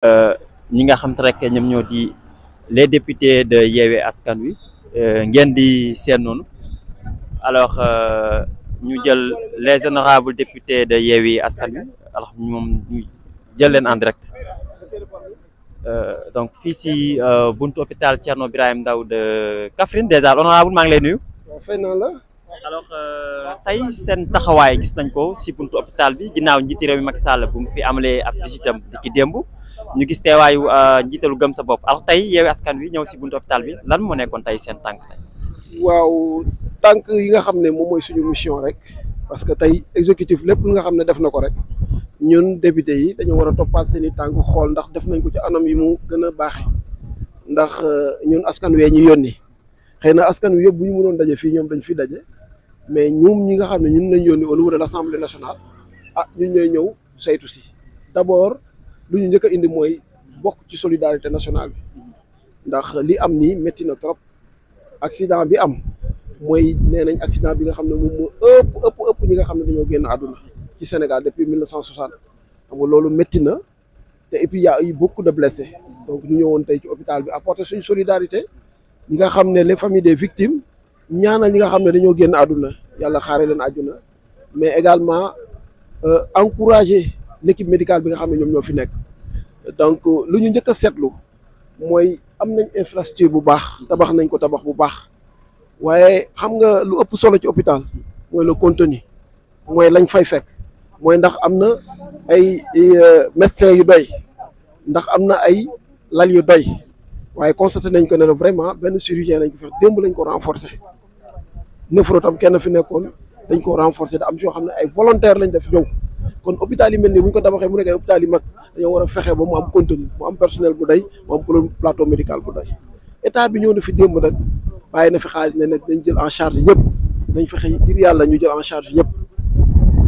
Euh, ñi nga xam rek ñoom ñoo di les députés de Yewwi Askan Wi euh, ngeen di seen noonu alors euh, ñu jël les honorables députés de Askan Wi alors moom jël leen en direct donc fii si buntu hôpital Thierno Birahim Ndao de Kaffrine déjà honorable maa ngi lay nuyu. waaw fay naa la. alors tey seen taxawaay gis nañ ko si buntu hôpital bi ginnaaw njiiti réew mi Macky Sall bu mu fi amalee ab visitam di démb. ñu gis teewaayu euh, njiitalu gëm sa bopp alors tey yeewi askan wi ñëw si buntu hôpital bi lan moo nekkoon tey seen tànk tey waaw tànk yi nga xam ne moom mooy suñu mission rek parce que tey exécutif lépp lu nga xam ne def na ko rek ñun député yi dañu war a toppaat seen i tànk xool ndax def nañ ko ci anam yi mu gën a baaxe ndax euh, ñun askan wee ñu yónni xëy na askan wi yëpp bu ñu mënoon daje fii ñoom dañ fi daje mais ñoom ñi nga xam ne ñun lañ yónni au niveau la l'Assemblée nationale ah ñun ñooy ñëw saytu si d'abord lu ñu njëkk a indi mooy bokk ci solidarité nationale bi ndax li am nii métti na trop accident bi am mooy nee nañ accident bi nga xam ne moom moo ëpp ëpp ëpp ñi nga xam ne dañoo génn àdduna ci Sénégal depuis mille cent soixante xam nga loolu métti na te et puis y a de blessés donc ñu ñëwoon tey ci hôpital bi apporter suñu solidarité ñi nga xam ne les familles des victimes ñaanal ñi nga xam ne dañoo génn àdduna yàlla xaare leen àdduna mais également euh, encourager l'équipe médical bi nga xam ne ñoom ñoo fi nekk donc lu ñu njëkk a seetlu mooy am nañ infrastructure bu baax tabax nañ ko tabax bu baax waaye xam nga lu ëpp solo ci hôpital mooy le contenu mooy lañ fay fekk mooy ndax am na ay euh, médecins yu doy ndax am na ay lal yu doy waaye constaté nañ ko ne vraiment benn chirurgien lañ ko fex démb lañ ko renforcer neufro tam kenn fi nekkoon dañ ko renforcer da am yoo xam ne ay volontaire lañ def ñëw kon hôpital yi mel nii bu ñu ko tabaxee mu nekk ay hôpital yu mag dañoo war a fexe ba mu am contenu mu am personnel bu day mu am plateau médical bu day état bi ñëw na démb nag bàyyi na fi xaalis ne nag dañ jël en charge ñëpp nañ fexe ngir ñu jël en charge ñëpp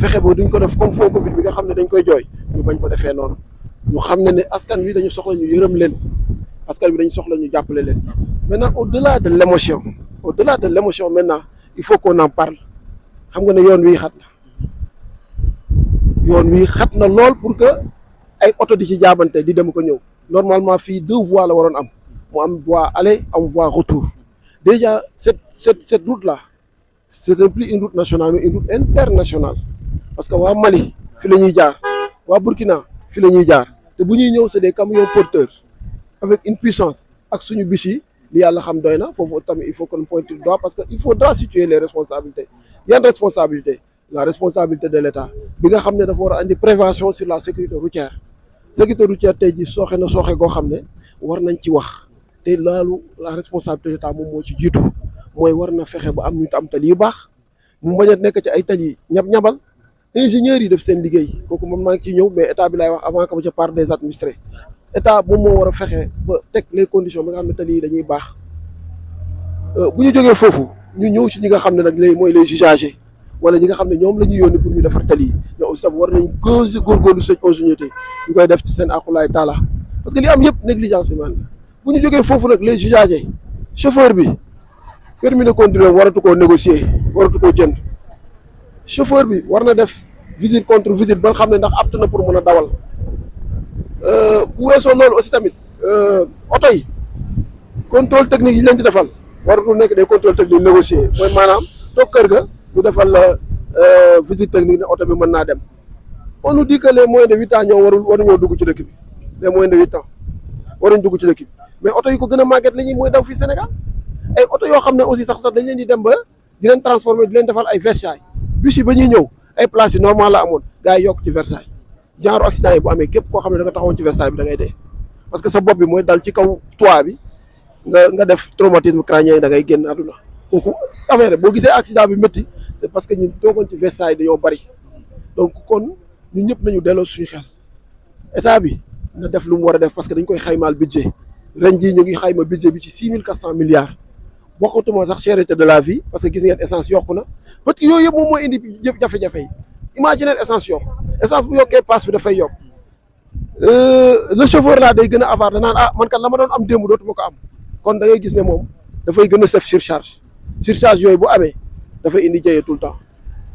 fexe ba duñ ko def comme fond Covid bi nga xam ne dañ koy jooy ñu bañ ko defee noonu ñu xam ne ne askan wi dañu soxla ñu yërëm leen askan wi dañu soxla ñu jàppale leen maintenant au delà de l' émotion au delà de l' émotion maintenant il faut qu'on en ne yoon wi xat yoon wi xat na lool pour que ay oto di ci jaabante di dem ko ñëw normalement fii deux voies la waroon am mu am voie aller am voie retour déjà cette cette cette route là c'est plus une route nationale mais une route internationale parce que waa Mali fi la ñuy jaar waa Burkina fi la ñuy jaar te bu ñuy ñëw c'est des camions porteurs avec une puissance ak suñu bis yi li yàlla xam doy na foofu tamit il faut qu'on pointe du doigt parce que il faudra situer les responsabilités yan responsabilités la responsabilité de l'État bi nga xam ne dafa war a andi prévention sur la sécurité routière sécurité routière tey ji sooxe na sooxe goo xam ne war nañ ci wax te laalu la responsabilité de l'État moom moo ci jiitu mooy war na fexe ba am ñu am tali yu baax mu bañ a nekk ci ay tali ñab-ñabal ingénieurs yi def seen liggéey kooku man maa ngi ciy ñëw mais état bi lay wax avant que ma ca part des administrés état moom moo war a fexe ba teg les conditions bi nga xam ne tali dañuy baax euh, bu ñu jógee foofu ñu ñëw ci ñi nga xam ne nag léegi mooy les usagers wala ñi nga xam ne ñoom la ñuy yónni pour ñu defar tali yi ñoom aussi tam war nañ gën góorgóorlu seen ingéniosité ñu koy def ci seen aqulaay taala parce que li am yëpp négligence humaine la bu ñu jógee foofu nag les usagers chauffeur bi kër permis de conduire waratu koo négocier waratu koo jënd chauffeur bi war na def visite contre visite ba xam ne ndax apte na pour mën a dawal euh, bu weesoo loolu aussi tamit euh, oto yi contrôle technique yi leen di defal waratul nekk des contrôles techniques négociés mooy maanaam toog kër ga. ñu defal la euh, visit technique ne oto bi mën naa dem on nous dit que les moins de huit ans ñoo warul dugg ci dëkk bi les moins de huit ans waruñ dugg mais oto yi ko gën a màgget la ñuy mooy daw fii Sénégal ay oto yoo xam ne aussi sax sax dañ leen di dem ba di leen transformer di leen defal ay versailles bus yi ba ñuy ñëw ay places yi normal la amoon gars yokk ci versailles genre accident yi bu amee képp koo xam ne da nga ci versailles bi da ngay dee parce que sa bopp bi mooy dal ci kaw toit bi nga nga def traumatisme crânien da ngay génn àdduna kooku affaire boo gisee accident bi métti parce que ñun toogoon ci Versailles dañoo bari donc kon ñun ñëpp nañu delloo suñu xel état bi na def lu mu war a def parce que dañ koy xaymaal budget ren jii ñu ngi xayma budget bi ci six mille quatre cent milliards bokkatuma sax cherté de la vie parce que gis ngeen essence yokk na parce que yooyu yëpp moom mooy indi jafe-jafe yi imaginer essence yokk essence bu yokkee paas bi dafay yokk euh, le chauffeur laa day gën a avare da naan ah, ma doon am démb dootuma ko am kon da ngay gis ne moom dafay gën a def surcharge surcharge yooyu bu amee dafay indi jaye tout le temps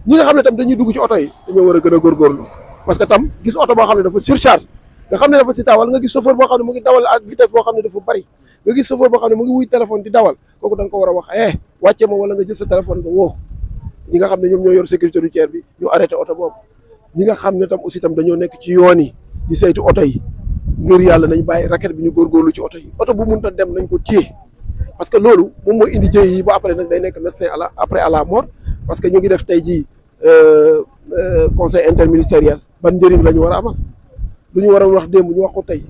ñi nga xam ne tam dañuy dugg ci oto yi dañoo war a gën a góorgóorlu parce tam gis oto boo xam ne dafa surcharge nga xam ne dafa si taawal nga gis chauffeur boo xam ne mu ngi dawal ak vitesse boo ne dafa bari nga gis chauffeur boo xam ne mu da nga a wax eh wàcce ma wala nga jël sa téléphone nga woo ne ñoom ñoo yor sécurité routière bi ñu arrêté oto boobu nga xam ne tam aussi tam dañoo nekk ci yoon yi di saytu oto yi ngir yàlla nañ bàyyi racket bi ñu góorlu ci oto yi oto bu mënta dem nañ ko téye parce que loolu moom moo indi jëy yi ba après nag day nekk médecin à la après à la mort parce que ñu ngi def tey jii euh, euh, conseil interministériel ban njëriñ la ñu war a amal lu ñu war a wax démb ñu wax ko tey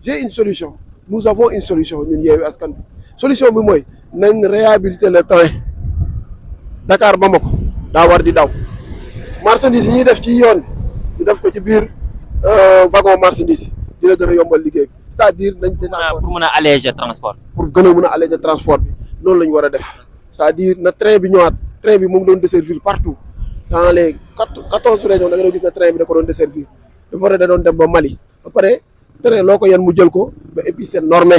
j'ai une solution nous avons une solution ñu yeewi askan bi solution bi mooy nañ réhabiliter le train Dakar Bamako daa war di daw marchandise yi ñuy def ci yoon ñu def ko ci biir euh, wagon marchandise dina gën a yombal liggéey bi c'est-à-dire nañ pour mën a alléger transport pour gën a mën a alléger transport bi noonu la ñu war a def c'est-à-dire na train bi ñëwaat train bi mu ngi doon desservir partout dans les quatorze régions da nga doon gis ne train bi da ko doon desservir ba pare da doon dem ba Mali ba pare train loo ko yan mu jël ko mais et puis normé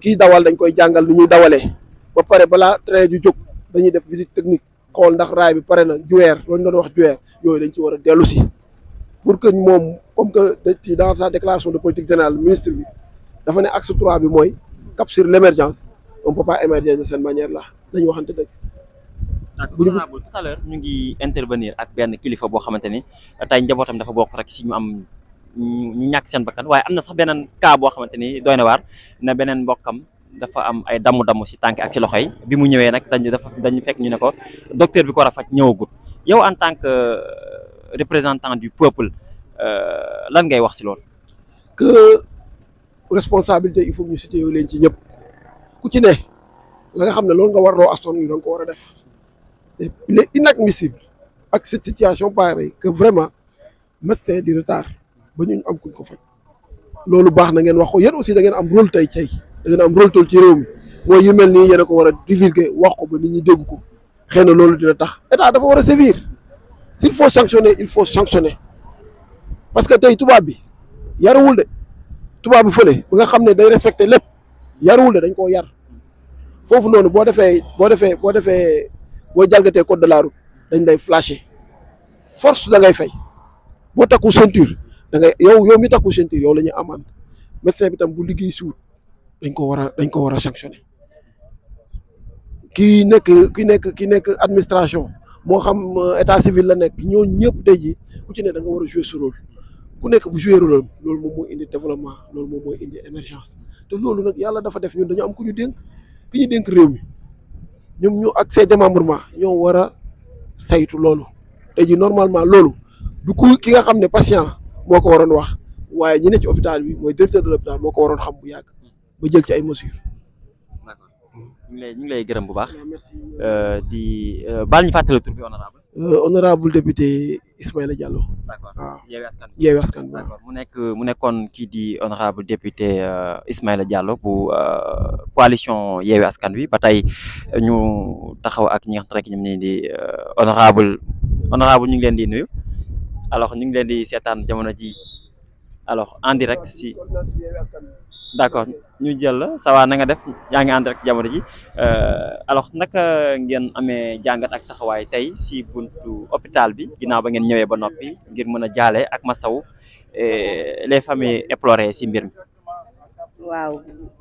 kii dawal dañ koy jàngal nu ñuy dawalee ba pare balaa train ju jóg dañuy def visite technique xool ndax raay bi pare na juweer loolu ñu doon wax juweer yooyu dañ ci war a dellu si pour que moom comme que ci dans sa déclaration de politique générale ministre bi dafa ne axe trois bi mooy cap sur l' émergence on peut pas émerger de cette manière là dañu waxante dëgg. bu ñu tout à ngi intervenir ak benn kilifa boo xamante ni tey njabootam dafa bokk rek si ñu am ñu ñàkk seen bakkan waaye am na sax beneen kaa boo xamante ni doy na waar na beneen mbokkam dafa am ay damu-damu si tànk ak ci loxo yi bi mu ñëwee nag dañu dafa dañu fekk ñu ne ko docteur bi ko war a ñëwagut yow en tant représentant du peuple euh, lan ngay wax si lool que responsabilité il faut ñu cité yow leen ci ñëpp ku ci ne la nga xam ne loolu nga warloo askan wi da nga ko war a def il est inadmissible ak cette situation pareille que vraiment médecin di retard ba ñu am kuñ ko faj loolu baax na ngeen wax ko yéen aussi da ngeen am rôle tey tey da ngeen am rôle tool ci réew mi mooy yu mel nii yéen ko war a divulguer wax ko ba nit ñi dégg ko xëy na loolu dina tax état dafa war a sévir. s'il faut sanctionner il faut sanctionner parce que tey tubaab bi yarawul de tubaab bi fële ba nga xam ne day respecté lépp yarawul de dañ koo yar foofu noonu boo defee boo defee boo defee boo jalgatee code de la route dañ lay flasher force da ngay fay boo takku ceinture da ngay yow yow mi takku ceinture yow la ñuy amande médecin bi tam bu liggéey si dañ ko war a dañ ko war a sanctionner kii nekk ki nekk ki nekk administration moo xam euh, état civil la nekk ñëw ñëpp tey jii ku ci ne da nga war a jouer sa rôle ku nekk bu jouer rôle loolu moom mooy indi développement loolu moom mooy indi émergence te loolu nag yàlla dafa def ñun dañu am kuñu ñu dénk ki ñu dénk réew mi ñoom ñu ak ses démembrements ñoo war a saytu loolu tey ji normalement loolu du ku ki nga xam ne patient moo ko waroon wax waaye ñu ne ci hôpital bi mooy directeur de l'hôpital moo ko waroon xam bu yàgg ba jël ci ay mesures. ñu lay gërëm bu baax. Euh, di euh, baal ñu fàttali tur bi honorable. Euh, honorable député Ismaïla Diallo. askan bi mu nekk mu nekkoon kii di honorable député Ismaïla Diallo bu coalition yeewi askan wi ba tey ñu taxaw ak ñi nga rek ñoom di honorable honorable ñu ngi leen di nuyu alors ñu ngi leen di seetaan jamono ji alors en direct si. d' accord ñu jël la ça va na nga def yaa ngi ànd rek jamono ji euh, alors naka ngeen amee jàngat ak taxawaay tey si buntu hôpital bi ginnaaw ba ngeen ñëwee ba noppi ngir mën a jaale ak ma saw masaw euh, les familles éplorées si mbir mi. waaw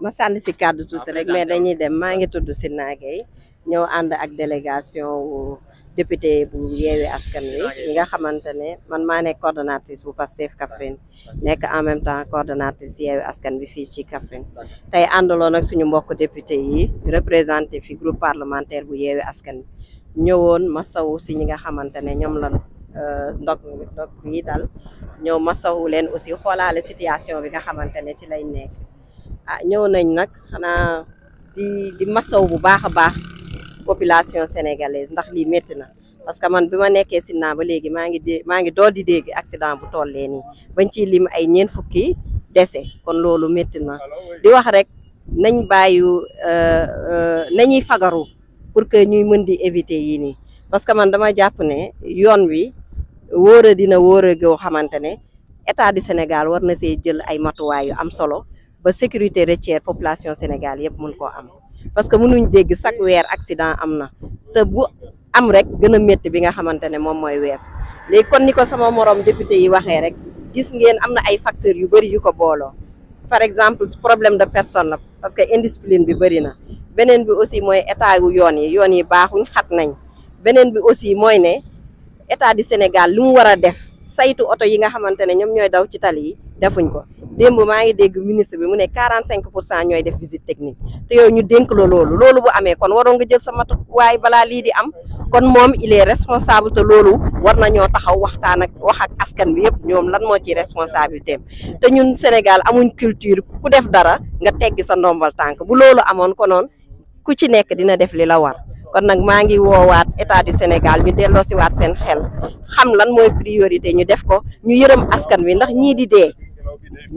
ma sànni si kàddu tuuti rek mais dañuy dem maa ngi tudd si naagay ñëw ànd ak délégation député bu yeewee askan wi ñi nga xamante ne man maa nekk coordonnatrice bu Pastef Kaffrine nekk en même temps coordonnatrice yeewee askan bi fii ci Kaffrine tey àndaloon ak suñu mbokk député yi représenté fi groupe parlementaire bu yeewee askan bi ñëwoon masawu si ñi nga xamante ne ñoom lan euh, ndog ndog bi dal ñëw masawu leen aussi xoolaale situation bi nga xamante ne ci lay nekk ah ñëw nañ nag xanaa di di masaw bu baax a baax population sénégalaise ndax lii métti na parce que man bi ma nekkee Sinna ba léegi maa ngi dé maa ngi door di dégg accident bu tollee nii bañ ciy lim ay ñeent fukki dese kon loolu métti di wax rek nañ bàyyu euh, euh, nañuy fagaru pour que ñuy mën di éviter yii nii parce que man dama jàpp ne yoon wi wóora dina wóora goo xamante ne état du Sénégal war na see jël ay matuwaay yu am solo ba sécurité routière population Sénégal yëpp mun koo am parce que mënuñ dégg chaque weer accident am na te bu am rek gën a métti bi nga xamante ne moom mooy weesu léegi kon ni ko sama morom député yi waxee rek gis ngeen am na ay facteurs yu bëri yu ko booloo par exemple problème de personne la parce que indiscipline bi bëri na beneen bi aussi mooy état yu yoon yi yoon yi baaxuñ xat nañ beneen bi aussi mooy ne état du Sénégal li mu war a def saytu oto yi nga xamante ne ñoom ñooy daw ci tali yi defuñ ko démb maa ngi dégg ministre bi mu ne 45 pour cent ñooy def visite technique te yow ñu dénk la loolu loolu bu amee kon waroon nga jël sa waaye balaa lii di am kon moom il est responsable te loolu war na ñoo taxaw waxtaan ak wax ak askan bi yëpp ñoom lan moo ci responsabilité te ñun Sénégal amuñ culture ku def dara nga teggi sa ndombal tànk bu loolu amoon konoon ku ci nekk dina def li la war. kon nag maa ngi woowaat état du Sénégal ñu delloosiwaat seen xel xam lan mooy priorité ñu def ko ñu yërëm askan wi ndax ñii di dee.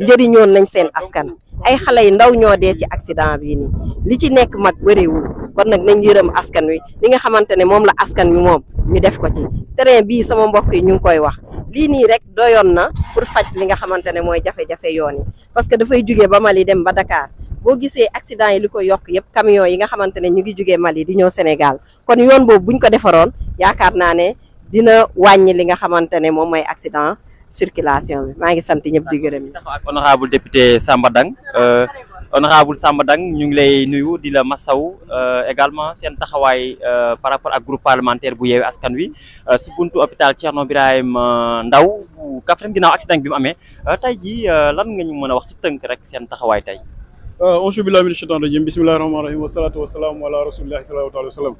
njëriñoon nañ seen askan ay xale yu ndaw ñoo dee ci accident bii nii li ci nekk mag bëriwul kon nag nañ yërëm askan wi li nga xamante ne moom la askan wi moom ñu def ko ci terrain bii sama mbokk yi ñu ngi koy wax lii nii rek doyoon na pour faj li nga xamante ne mooy jafe-jafe yoon yi parce que dafay jugee ba Mali dem ba Dakar boo gise accident yi li ko yokk yëpp camion yi nga xamante ne ñu ngi jugee Mali di ñëw Sénégal kon yoon boobu buñ ko defaroon yaakaar naa ne dina wàññi li nga xamante ne moom mooy accident circulation bi maa ngi sant ñëpp di gërëm ak honorable député Samba Dang euh, honorable Samba Dang ñu ngi lay nuyu di la masaw euh, également seen taxawaay euh, par rapport ak groupe parlementaire bu yeewe askan wi si buntu hôpital Thierno Birahim Ndao bu Kaffrine ginnaaw accident bi mu amee tey ji lan nga ñu mën a wax si tënk rek seen taxawaay tey anchu billahi mina shaitan rajim bismillahi rahmani rahim wasalatu wasalaamu ala rasulillahi sallallahu alayhi wa sallam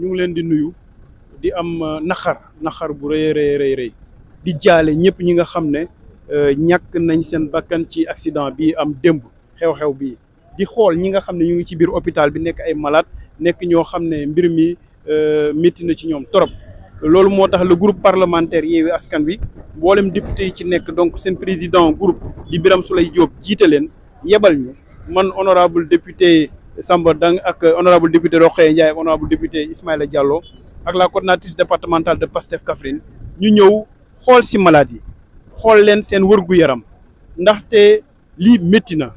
ñu ngi leen di nuyu di am naxar naxar bu rëy di jaale ñëpp ñi nga xam ne euh, ñàkk nañ seen bakkan ci accident bi am démb xew-xew bi di xool ñi nga xam ne ñu ngi ci biir hôpital bi nekk ay malade nekk ñoo xam ne mbir mi euh, metti na ci ñoom torop loolu moo tax la groupe parlementaire Yewwi Askan Wi mboolem député yi ci nekk donc seen président groupe di Birame Souleye Diop jiite leen yebal ñu man honorable député Samba Dang ak honorable député Rokhaya Ndiaye ak honorable député Ismaïla Diallo ak la coordinatrice départementale de Pastef Kaffrine ñu ñëw xool si malade xool leen seen wërgu-yaram ndaxte lii métti na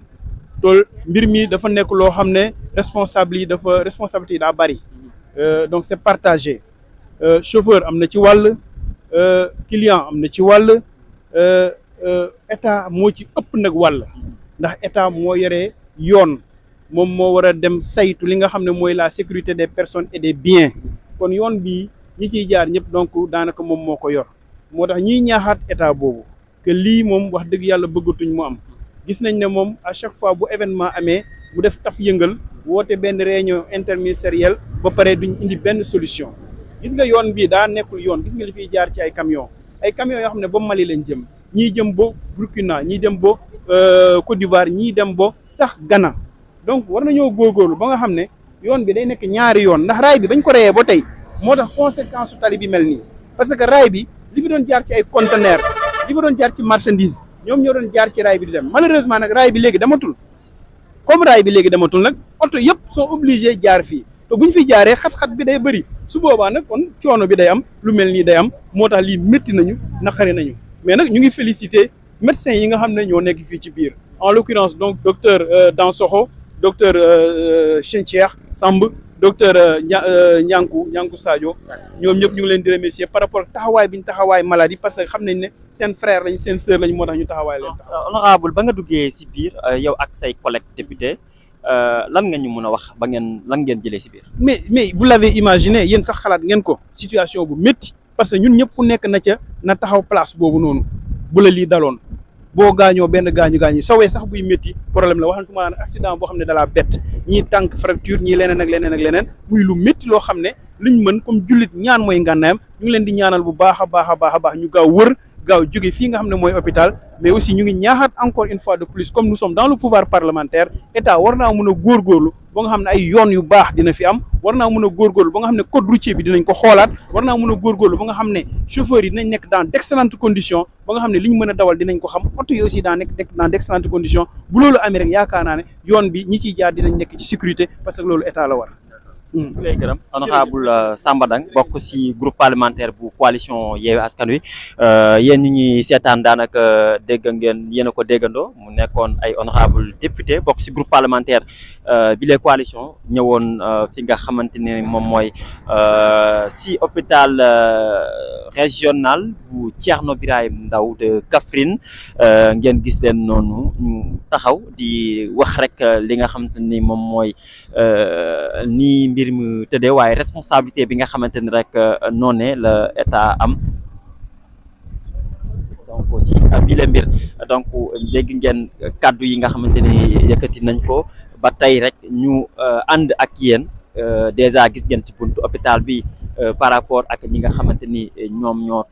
tool mbir mi dafa nekk loo xam ne responsable yi dafa responsabilité yi daa bëri euh, donc c'est partagé euh, chauffeur am na ci wàll euh, client am na ci wàll état moo ci ëpp nag wàll ndax état moo yore yoon moom moo war a dem saytu li nga xam ne mooy la sécurité des personnes et des bien kon yoon bi ñi ciy jaar ñëpp donc daanaka moom moo ko yor moo tax ñiy ñaaxaat état boobu que lii moom wax dëgg yàlla bëggatuñ mu am gis nañ ne moom à chaque fois bu événement amee mu def taf yëngal woote benn réunion interministérielle ba pare duñ indi benn solution gis nga yoon bii daa nekkul yoon gis nga li fiy jaar ci ay camion ay camion yoo xam ne ba Mali lañ jëm ñii jëm ba Burkina ñii dem ba euh, Côte d'Ivoire ñii dem bo sax Ghana donc war nañoo góorgóorlu ba nga xam ne yoon bi day nekk ñaari yoon ndax raay bi ba tey moo tax conséquence su tali bi mel nii li fi doon jaar ci ay conteneur li fi doon jaar ci marchandise ñoom ñoo doon jaar ci raay bi di dem malheureusement nag raay bi léegi dematul comme raay bi léegi dematul nag oto yëpp soo obligés jaar fii te bu fi jaaree xat-xat bi day bëri su boobaa nag kon coono bi day am lu mel nii day am moo tax lii métti nañu naqari nañu mais nag ñu ngi félicité médecins yi nga xam ne ñoo nekk fii ci biir en l'occurrence donc docteur euh, Dansokho docteur euh, euh, Cheikh Samb docteur Ñanku euh, euh, Ñanku Sadio ñoom ñëpp ñu ngi leen di remercier par rapport ak taxawaay biñ ñu taxawaay maladie parce que xam nañ ne seen frère lañ seen sœur lañ moo tax ñu taxawaay leen. Euh, honorable ba nga duggee si biir yow ak say collègues député lan nga ñu mun a wax ba ngeen lan ngeen jëlee si biir. mais mais vous l'avez imaginé yéen sax xalaat ngeen ko situation bu métti parce que ñun ñëpp ku nekk na ca na taxaw place boobu noonu bu la lii daloon. boo gaañoo benn gaañu gaañu sawee sax buy métti problème la waxantuma naan accident boo xam ne dalaa bett ñii tànk fracture ñii leneen ak leneen ak leneen muy lu métti loo xam ne luñ mën comme jullit ñaan mooy ngànnaayam ñu ngi leen di ñaanal bu baax a baax a baax a baax ñu gaaw wër gaaw jóge fii nga xam ne mooy hôpital mais aussi ñu ngi ñaaxaat encore une fois de plus comme nous sommes dans le pouvoir parlementaire état war naa mën a góorgóorlu ba nga xam ne ay yoon yu baax dina fi am war naa mën a góorgóorlu ba nga xam ne code routier bi dinañ ko xoolaat war naa mën a góorgóorlu ba nga xam ne chauffeurs yi dinañ nekk dans d'excellentes conditions ba nga xam ne li a dawal dinañ ko xam oto yi aussi daa nekk dans d'excellentes bi ñi ciy jaar dinañ nekk ci sécurité parce que loolu état la war Mm. lay gërëm honorable euh, Samba Dang bokk si groupe parlementaire bu coalition Yewwi Askan Wi euh, yéen ñi ñuy seetaan daanaka euh, dégg ngeen yéen a ko déggandoo mu nekkoon ay honorable député bokk si groupe parlementaire bi les coalition ñëwoon fi nga xamante ne moom mooy si hôpital régional bu Thierno Birahim ndaw de Kaffrine ngeen gis leen noonu taxaw di wax rek li nga xamante ni moom mooy nii mbir mu tëddee waaye responsabilité bi nga xamante ni rek euh, noone la état am donc bi mbir donc léegi ngeen kàddu yi nga xamante ni yëkkati nañ ko ba tey rek ñu euh, ànd ak yéen euh, déjà gis ngeen ci buntu hôpital bi par rapport ak ñi nga xamante ñoom ñoo